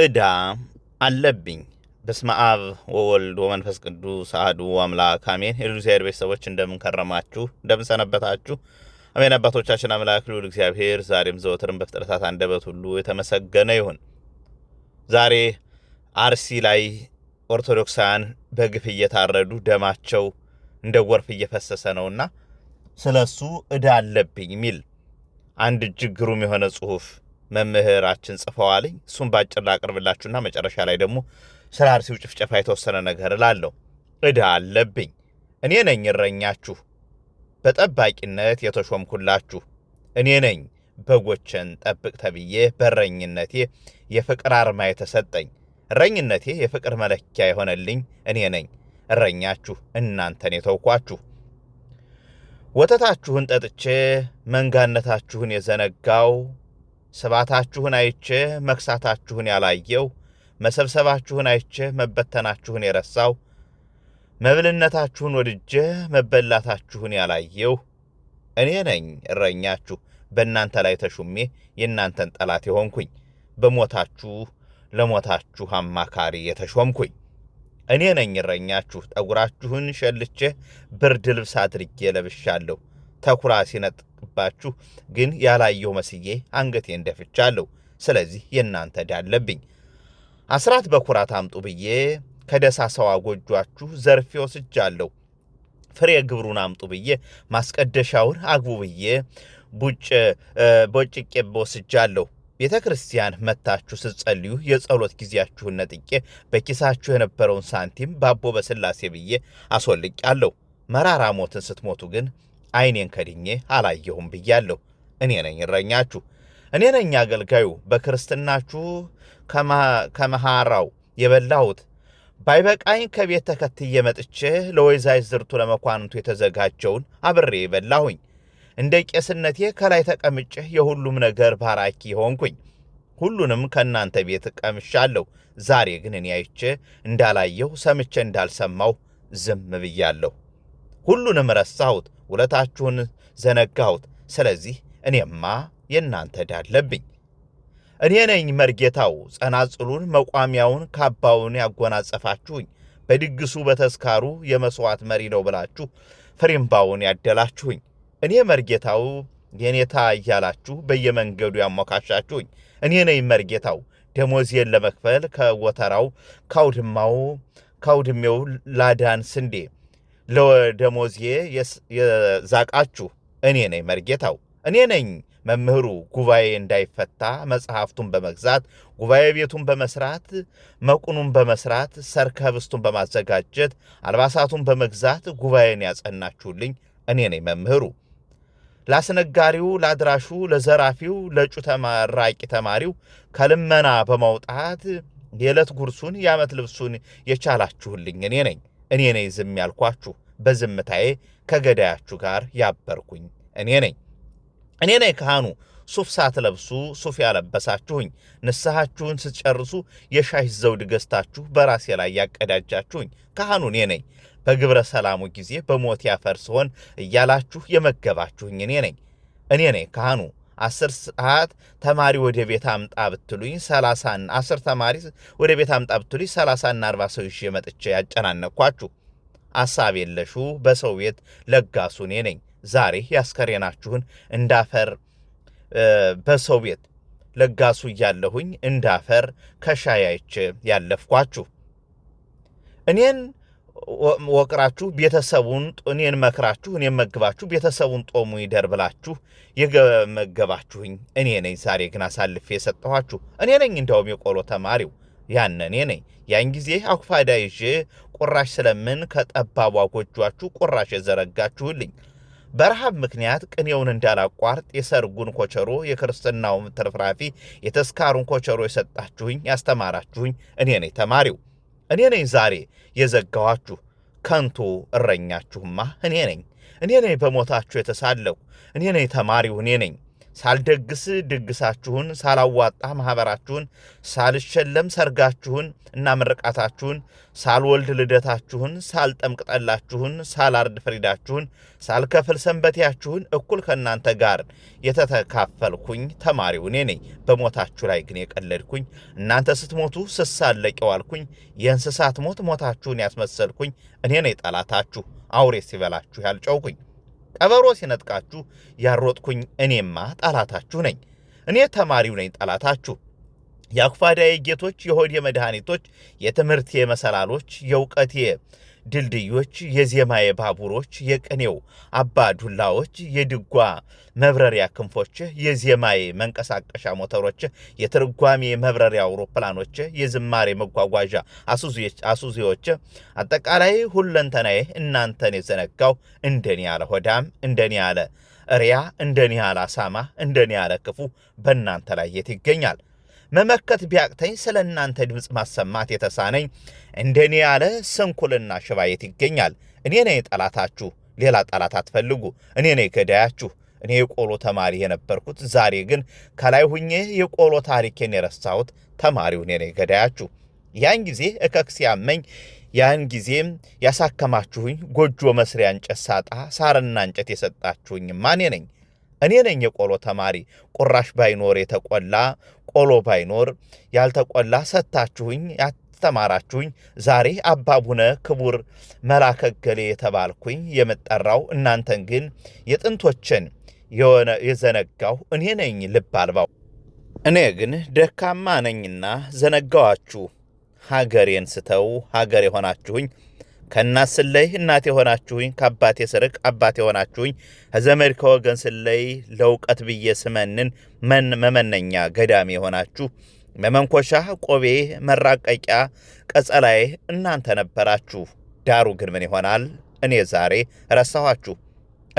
እዳ አለብኝ። በስመ አብ ወወልድ ወመንፈስ ቅዱስ አሐዱ አምላክ አሜን። የሉሲያድ ቤተሰቦች እንደምንከረማችሁ እንደምንሰነበታችሁ አሜን። አባቶቻችን አምላክ ልዑል እግዚአብሔር ዛሬም ዘወትርም በፍጥረታት አንደበት ሁሉ የተመሰገነ ይሁን። ዛሬ አርሲ ላይ ኦርቶዶክሳውያን በግፍ እየታረዱ ደማቸው እንደ ጎርፍ እየፈሰሰ ነውና ስለ እሱ አለብኝ የሚል አንድ እጅግ ግሩም የሆነ ጽሑፍ መምህራችን ጽፈዋልኝ እሱም ባጭር ላቅርብላችሁና መጨረሻ ላይ ደግሞ ስለ አርሲው ጭፍጨፋ የተወሰነ ነገር እላለሁ። እዳ አለብኝ። እኔ ነኝ እረኛችሁ፣ በጠባቂነት የተሾምኩላችሁ እኔ ነኝ። በጎችን ጠብቅ ተብዬ በእረኝነቴ የፍቅር አርማ የተሰጠኝ እረኝነቴ የፍቅር መለኪያ የሆነልኝ እኔ ነኝ። እረኛችሁ እናንተን የተውኳችሁ ወተታችሁን ጠጥቼ መንጋነታችሁን የዘነጋው ስባታችሁን አይቼ መክሳታችሁን ያላየው፣ መሰብሰባችሁን አይቼ መበተናችሁን የረሳው፣ መብልነታችሁን ወድጄ መበላታችሁን ያላየው እኔ ነኝ እረኛችሁ፣ በእናንተ ላይ ተሹሜ የእናንተን ጠላት የሆንኩኝ፣ በሞታችሁ ለሞታችሁ አማካሪ የተሾምኩኝ እኔ ነኝ እረኛችሁ። ጠጉራችሁን ሸልቼ ብርድ ልብስ አድርጌ ለብሻለሁ። ተኩራ ሲነጥቅባችሁ ግን ያላየው መስዬ አንገቴ እንደፍቻለሁ። ስለዚህ የእናንተ ዕዳ አለብኝ። አስራት በኩራት አምጡ ብዬ ከደሳሳዋ ጎጇችሁ ዘርፌ ወስጃለሁ። ፍሬ ግብሩን አምጡ ብዬ ማስቀደሻውን አግቡ ብዬ በጭቄ ወስጃለሁ። ቤተ ክርስቲያን መታችሁ ስትጸልዩ የጸሎት ጊዜያችሁን ነጥቄ በኪሳችሁ የነበረውን ሳንቲም ባቦ በስላሴ ብዬ አለሁ መራራ ሞትን ስትሞቱ ግን አይኔን ከድኜ አላየሁም ብያለሁ። እኔ ነኝ እረኛችሁ፣ እኔ ነኝ አገልጋዩ። በክርስትናችሁ ከመሃራው የበላሁት ባይበቃኝ ከቤት ተከትዬ መጥቼ ለወይዛይ ዝርቱ ለመኳንንቱ የተዘጋጀውን አብሬ በላሁኝ። እንደ ቄስነቴ ከላይ ተቀምጬ የሁሉም ነገር ባራኪ ሆንኩኝ። ሁሉንም ከእናንተ ቤት ቀምሻለሁ። ዛሬ ግን እኔ አይቼ እንዳላየሁ ሰምቼ እንዳልሰማሁ ዝም ብያለሁ። ሁሉንም ረሳሁት፣ ውለታችሁን ዘነጋሁት። ስለዚህ እኔማ የእናንተ ዕዳ አለብኝ። እኔ ነኝ መርጌታው፣ ጸናጽሉን፣ መቋሚያውን፣ ካባውን ያጎናጸፋችሁኝ፣ በድግሱ በተስካሩ የመሥዋዕት መሪ ነው ብላችሁ ፍሬምባውን ያደላችሁኝ፣ እኔ መርጌታው የኔታ እያላችሁ በየመንገዱ ያሞካሻችሁኝ፣ እኔ ነኝ መርጌታው ደሞዜን ለመክፈል ከወተራው ካውድማው ካውድሜው ላዳን ስንዴ ለወደሞዜ የዛቃችሁ እኔ ነኝ መርጌታው፣ እኔ ነኝ መምህሩ። ጉባኤ እንዳይፈታ መጽሐፍቱን በመግዛት ጉባኤ ቤቱን በመስራት መቁኑን በመስራት ሰርከብስቱን በማዘጋጀት አልባሳቱን በመግዛት ጉባኤን ያጸናችሁልኝ እኔ ነኝ መምህሩ። ላስነጋሪው፣ ላድራሹ፣ ለዘራፊው፣ ለእጩ ተመራቂ ተማሪው ከልመና በማውጣት የዕለት ጉርሱን የዓመት ልብሱን የቻላችሁልኝ እኔ ነኝ እኔ ነኝ ዝም ያልኳችሁ በዝምታዬ ከገዳያችሁ ጋር ያበርኩኝ እኔ ነኝ እኔ ነኝ ካህኑ ሱፍ ሳትለብሱ ሱፍ ያለበሳችሁኝ፣ ንስሐችሁን ስትጨርሱ የሻሽ ዘውድ ገዝታችሁ በራሴ ላይ ያቀዳጃችሁኝ ካህኑ እኔ ነኝ። በግብረ ሰላሙ ጊዜ በሞት ያፈር ስሆን እያላችሁ የመገባችሁኝ እኔ ነኝ። እኔ ነኝ ካህኑ። አስር ሰዓት ተማሪ ወደ ቤት አምጣ ብትሉኝ ሰላሳ አስር ተማሪ ወደ ቤት አምጣ ብትሉኝ ሰላሳና አርባ ሰው ይዤ መጥቼ ያጨናነቅኳችሁ አሳብ የለሹ በሰው ቤት ለጋሱ እኔ ነኝ። ዛሬ ያስከሬናችሁን እንዳፈር በሰው ቤት ለጋሱ እያለሁኝ እንዳፈር ከሻያይች ያለፍኳችሁ እኔን ወቅራችሁ ቤተሰቡን እኔን መክራችሁ እኔን መግባችሁ ቤተሰቡን ጦሙ ይደር ብላችሁ የመገባችሁኝ እኔ ነኝ። ዛሬ ግን አሳልፌ የሰጠኋችሁ እኔ ነኝ። እንዲያውም የቆሎ ተማሪው ያን እኔ ነኝ። ያን ጊዜ አኩፋዳ ይዤ ቁራሽ ስለምን ከጠባቧ ጎጇችሁ ቁራሽ የዘረጋችሁልኝ በረሃብ ምክንያት ቅኔውን እንዳላቋርጥ የሰርጉን ኮቸሮ የክርስትናው ትርፍራፊ የተስካሩን ኮቸሮ የሰጣችሁኝ ያስተማራችሁኝ እኔ ነኝ ተማሪው፣ እኔ ነኝ ዛሬ የዘጋኋችሁ። ከንቱ እረኛችሁማ እኔ ነኝ። እኔ ነኝ በሞታችሁ የተሳለኩ። እኔ ነኝ ተማሪው፣ እኔ ነኝ። ሳልደግስ ድግሳችሁን፣ ሳላዋጣ ማኅበራችሁን፣ ሳልሸለም ሰርጋችሁን እና ምርቃታችሁን፣ ሳልወልድ ልደታችሁን፣ ሳልጠምቅ ጠላችሁን፣ ሳላርድ ፍሪዳችሁን፣ ሳልከፍል ሰንበቴያችሁን እኩል ከእናንተ ጋር የተተካፈልኩኝ ተማሪው እኔ ነኝ። በሞታችሁ ላይ ግን የቀለድኩኝ፣ እናንተ ስትሞቱ ስሳለቅ የዋልኩኝ፣ የእንስሳት ሞት ሞታችሁን ያስመሰልኩኝ እኔ ነኝ ጠላታችሁ፣ አውሬ ሲበላችሁ ያልጨውኩኝ። ቀበሮ ሲነጥቃችሁ ያሮጥኩኝ እኔማ ጠላታችሁ ነኝ። እኔ ተማሪው ነኝ ጠላታችሁ። የአኩፋዳዬ ጌቶች፣ የሆድ መድኃኒቶች፣ የትምህርቴ መሰላሎች፣ የእውቀቴ ድልድዮች፣ የዜማ የባቡሮች፣ የቅኔው አባ ዱላዎች፣ የድጓ መብረሪያ ክንፎች የዜማ መንቀሳቀሻ ሞተሮች የትርጓሜ መብረሪያ አውሮፕላኖች የዝማሬ መጓጓዣ አሱዚዎች፣ አጠቃላይ ሁለንተናዬ እናንተን የዘነጋው እንደኔ ያለ ሆዳም፣ እንደኔ ያለ እሪያ፣ እንደኔ ያለ አሳማ፣ እንደኔ ያለ ክፉ በእናንተ ላይ የት ይገኛል? መመከት ቢያቅተኝ ስለ እናንተ ድምፅ ማሰማት የተሳነኝ እንደኔ ያለ ስንኩልና ሽባየት ይገኛል። እኔ ነኝ ጠላታችሁ፣ ሌላ ጠላት አትፈልጉ። እኔ ነኝ ገዳያችሁ። እኔ የቆሎ ተማሪ የነበርኩት ዛሬ ግን ከላይ ሁኜ የቆሎ ታሪኬን የረሳሁት ተማሪው እኔ ነኝ ገዳያችሁ። ያን ጊዜ እከክ ሲያመኝ ያን ጊዜም ያሳከማችሁኝ ጎጆ መስሪያ እንጨት ሳጣ ሳርና እንጨት የሰጣችሁኝ ማኔ ነኝ። እኔ ነኝ የቆሎ ተማሪ። ቁራሽ ባይኖር የተቆላ ቆሎ ባይኖር ያልተቆላ ሰታችሁኝ ያስተማራችሁኝ ዛሬ አባቡነ ክቡር መላከ ገሌ የተባልኩኝ የምጠራው እናንተን ግን የጥንቶችን የሆነ የዘነጋው እኔ ነኝ ልብ አልባው። እኔ ግን ደካማ ነኝና ዘነጋዋችሁ ሀገሬን ስተው ሀገር የሆናችሁኝ ከእናት ስለይ እናት የሆናችሁኝ፣ ከአባቴ ስርቅ አባት የሆናችሁኝ፣ ከዘመድ ከወገን ስለይ ለእውቀት ብዬ ስመንን መመነኛ ገዳሜ የሆናችሁ መመንኮሻ ቆቤ መራቀቂያ ቀጸላዬ እናንተ ነበራችሁ። ዳሩ ግን ምን ይሆናል? እኔ ዛሬ ረሳኋችሁ።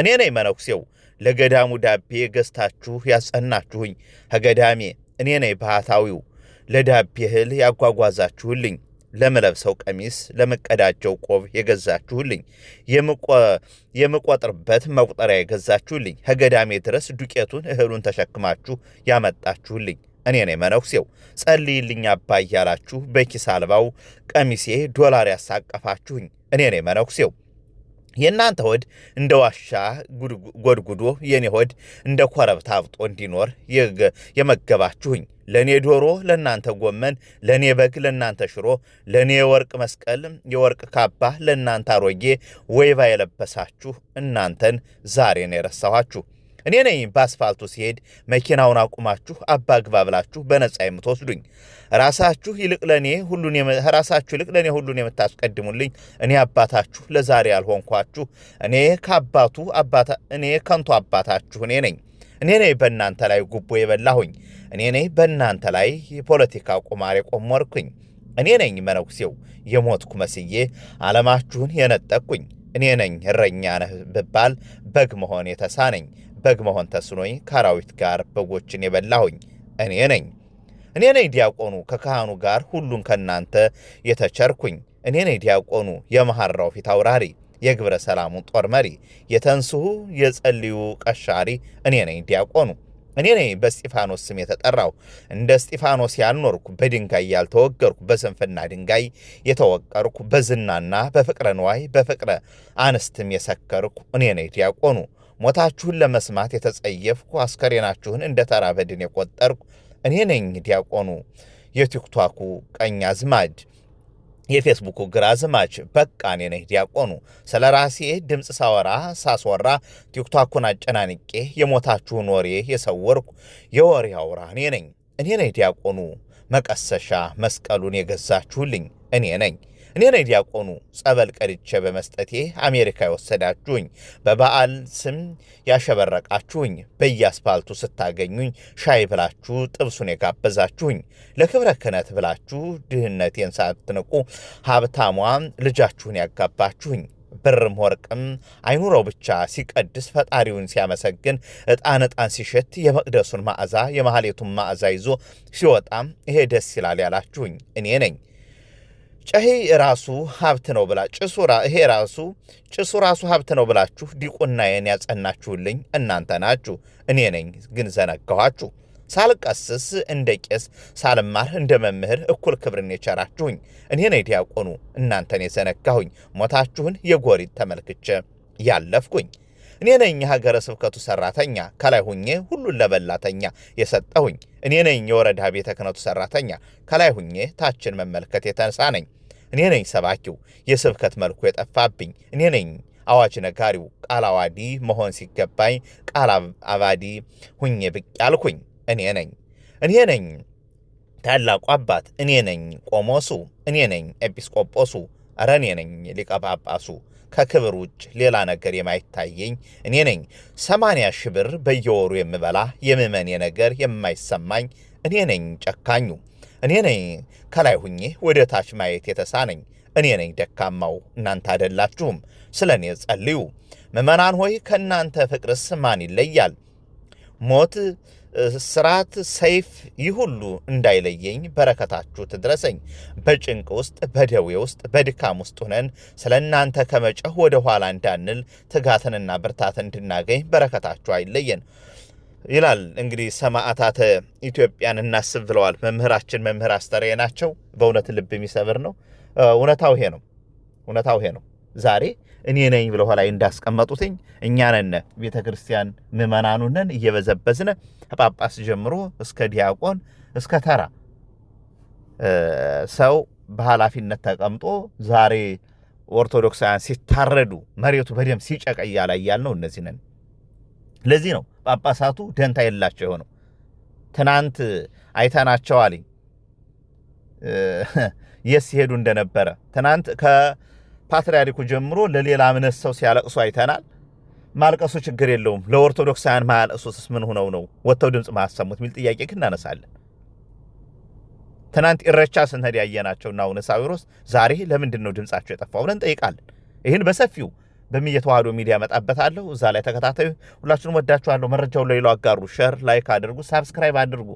እኔ ነኝ መነኩሴው ለገዳሙ ዳቤ ገዝታችሁ ያጸናችሁኝ። ከገዳሜ እኔ ነኝ ባህታዊው ለዳቤ እህል ያጓጓዛችሁልኝ። ለምለብሰው ቀሚስ ለምቀዳጀው ቆብ የገዛችሁልኝ፣ የምቆጥርበት መቁጠሪያ የገዛችሁልኝ፣ ከገዳሜ ድረስ ዱቄቱን እህሉን ተሸክማችሁ ያመጣችሁልኝ እኔ ነኝ መነኩሴው። ጸልይልኝ አባ እያላችሁ በኪስ አልባው ቀሚሴ ዶላር ያሳቀፋችሁኝ እኔ ነኝ መነኩሴው። የእናንተ ሆድ እንደ ዋሻ ጎድጉዶ የኔ ሆድ እንደ ኮረብታ አብጦ እንዲኖር የመገባችሁኝ ለእኔ ዶሮ ለእናንተ ጎመን፣ ለእኔ በግ ለእናንተ ሽሮ፣ ለእኔ የወርቅ መስቀል የወርቅ ካባ ለእናንተ አሮጌ ወይባ የለበሳችሁ እናንተን ዛሬ ነው የረሳኋችሁ። እኔ ነኝ በአስፋልቱ ሲሄድ መኪናውን አቁማችሁ አባ ብላችሁ በነጻ የምትወስዱኝ። ራሳችሁ ይልቅ ለእኔ ሁሉን ራሳችሁ ይልቅ ለእኔ ሁሉን የምታስቀድሙልኝ። እኔ አባታችሁ ለዛሬ ያልሆንኳችሁ፣ እኔ ከአባቱ እኔ ከንቱ አባታችሁ እኔ ነኝ። እኔ ነኝ በእናንተ ላይ ጉቦ የበላሁኝ። እኔ ነኝ በእናንተ ላይ የፖለቲካ ቁማር የቆመርኩኝ። እኔ ነኝ መነኩሴው የሞትኩ መስዬ ዓለማችሁን የነጠቅኩኝ። እኔ ነኝ እረኛ ነህ ብባል በግ መሆን የተሳነኝ። በግ መሆን ተስኖኝ ከአራዊት ጋር በጎችን የበላሁኝ እኔ ነኝ። እኔ ነኝ ዲያቆኑ ከካህኑ ጋር ሁሉን ከእናንተ የተቸርኩኝ። እኔ ነኝ ዲያቆኑ የመሐራው ፊት አውራሪ፣ የግብረ ሰላሙን ጦር መሪ፣ የተንስሁ የጸልዩ ቀሻሪ። እኔ ነኝ ዲያቆኑ። እኔ ነኝ በስጢፋኖስ ስም የተጠራው እንደ ስጢፋኖስ ያልኖርኩ በድንጋይ ያልተወገርኩ በስንፍና ድንጋይ የተወቀርኩ በዝናና በፍቅረ ንዋይ በፍቅረ አንስትም የሰከርኩ እኔ ነኝ ዲያቆኑ። ሞታችሁን ለመስማት የተጸየፍኩ አስከሬናችሁን እንደ ተራ በድን የቆጠርኩ እኔ ነኝ ዲያቆኑ፣ የቲክቶኩ ቀኝ አዝማች፣ የፌስቡኩ ግራ አዝማች። በቃ እኔ ነኝ ዲያቆኑ። ስለ ራሴ ድምፅ ሳወራ ሳስወራ ቲክቶኩን አጨናንቄ የሞታችሁን ወሬ የሰወርኩ የወሬ አውራ እኔ ነኝ። እኔ ነኝ ዲያቆኑ፣ መቀሰሻ መስቀሉን የገዛችሁልኝ እኔ ነኝ። እኔን ዲያቆኑ ጸበል ቀድቼ በመስጠቴ አሜሪካ የወሰዳችሁኝ፣ በበዓል ስም ያሸበረቃችሁኝ፣ በየአስፋልቱ ስታገኙኝ ሻይ ብላችሁ ጥብሱን የጋበዛችሁኝ፣ ለክብረ ክህነት ብላችሁ ድህነቴን ሳትንቁ ሀብታሟ ልጃችሁን ያጋባችሁኝ ብርም ወርቅም አይኑረው ብቻ ሲቀድስ ፈጣሪውን ሲያመሰግን እጣን እጣን ሲሸት የመቅደሱን ማዕዛ የማህሌቱን ማዕዛ ይዞ ሲወጣም ይሄ ደስ ይላል ያላችሁኝ እኔ ነኝ። ጨሄ ራሱ ሀብት ነው ብላ ጭሱ ይሄ ራሱ ጭሱ ራሱ ሀብት ነው ብላችሁ ዲቁናዬን ያጸናችሁልኝ እናንተ ናችሁ። እኔ ነኝ ግን ዘነጋኋችሁ። ሳልቀስስ እንደ ቄስ ሳልማር እንደ መምህር እኩል ክብርን የቸራችሁኝ እኔ ነኝ ዲያቆኑ፣ እናንተን የዘነጋሁኝ ሞታችሁን የጎሪት ተመልክቼ ያለፍኩኝ እኔ ነኝ የሀገረ ስብከቱ ሰራተኛ ከላይ ሁኜ ሁሉን ለበላተኛ የሰጠሁኝ እኔ ነኝ የወረዳ ቤተ ክህነቱ ሰራተኛ ከላይ ሁኜ ታችን መመልከት የተነሳ ነኝ እኔ ነኝ ሰባኪው የስብከት መልኩ የጠፋብኝ እኔ ነኝ አዋጅ ነጋሪው ቃል አዋዲ መሆን ሲገባኝ ቃል አባዲ ሁኜ ብቅ ያልኩኝ እኔ ነኝ እኔ ነኝ ታላቁ አባት እኔ ነኝ ቆሞሱ እኔ ነኝ ኤጲስቆጶሱ አረ እኔ ነኝ ሊቀ ጳጳሱ ከክብር ውጭ ሌላ ነገር የማይታየኝ እኔ ነኝ። ሰማንያ ሺህ ብር በየወሩ የምበላ የምመኔ ነገር የማይሰማኝ እኔ ነኝ። ጨካኙ እኔ ነኝ። ከላይ ሁኜ ወደ ታች ማየት የተሳነኝ እኔ ነኝ። ደካማው እናንተ አይደላችሁም። ስለ እኔ ጸልዩ። ምእመናን ሆይ ከእናንተ ፍቅርስ ማን ይለያል? ሞት ስርዓት ሰይፍ ይህ ሁሉ እንዳይለየኝ በረከታችሁ ትድረሰኝ። በጭንቅ ውስጥ በደዌ ውስጥ በድካም ውስጥ ሆነን ስለ እናንተ ከመጨህ ወደ ኋላ እንዳንል ትጋትንና ብርታት እንድናገኝ በረከታችሁ አይለየን ይላል። እንግዲህ ሰማዕታተ ኢትዮጵያን እናስብ ብለዋል መምህራችን መምህር አስተርየ ናቸው። በእውነት ልብ የሚሰብር ነው። እውነታው ይሄ ነው። እውነታው ይሄ ነው። ዛሬ እኔ ነኝ ብለ ላይ እንዳስቀመጡትኝ እኛ ነን ቤተ ክርስቲያን ምእመናኑንን እየበዘበዝነ ከጳጳስ ጀምሮ እስከ ዲያቆን እስከ ተራ ሰው በኃላፊነት ተቀምጦ ዛሬ ኦርቶዶክሳውያን ሲታረዱ መሬቱ በደም ሲጨቀ እያላ እያል ነው። እነዚህ ነን። ለዚህ ነው ጳጳሳቱ ደንታ የላቸው የሆነው። ትናንት አይተናቸዋልኝ የት ሲሄዱ እንደነበረ ትናንት ፓትርያርኩ ጀምሮ ለሌላ እምነት ሰው ሲያለቅሱ አይተናል። ማልቀሱ ችግር የለውም። ለኦርቶዶክሳውያን ማያለቅሱስ ምን ሆነው ነው ወጥተው ድምፅ ማያሰሙት የሚል ጥያቄ ግን እናነሳለን። ትናንት ኢሬቻ ስንሄድ ያየናቸውና አቡነ ሳዊሮስ ዛሬ ለምንድን ነው ድምፃቸው የጠፋው ብለን እንጠይቃለን። ይህን በሰፊው በሚየተዋህዶ ሚዲያ እመጣበታለሁ። እዛ ላይ ተከታታዩ ሁላችሁንም ወዳችኋለሁ። መረጃውን ለሌላው አጋሩ፣ ሸር ላይክ አድርጉ፣ ሳብስክራይብ አድርጉ።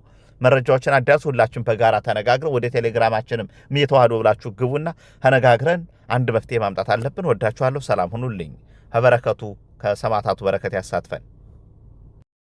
መረጃዎችን አዳያስ ሁላችን በጋራ ተነጋግረን ወደ ቴሌግራማችንም የተዋህዶ ብላችሁ ግቡና ተነጋግረን አንድ መፍትሄ ማምጣት አለብን። ወዳችኋለሁ። ሰላም ሁኑልኝ። ከበረከቱ ከሰማዕታቱ በረከት ያሳትፈን።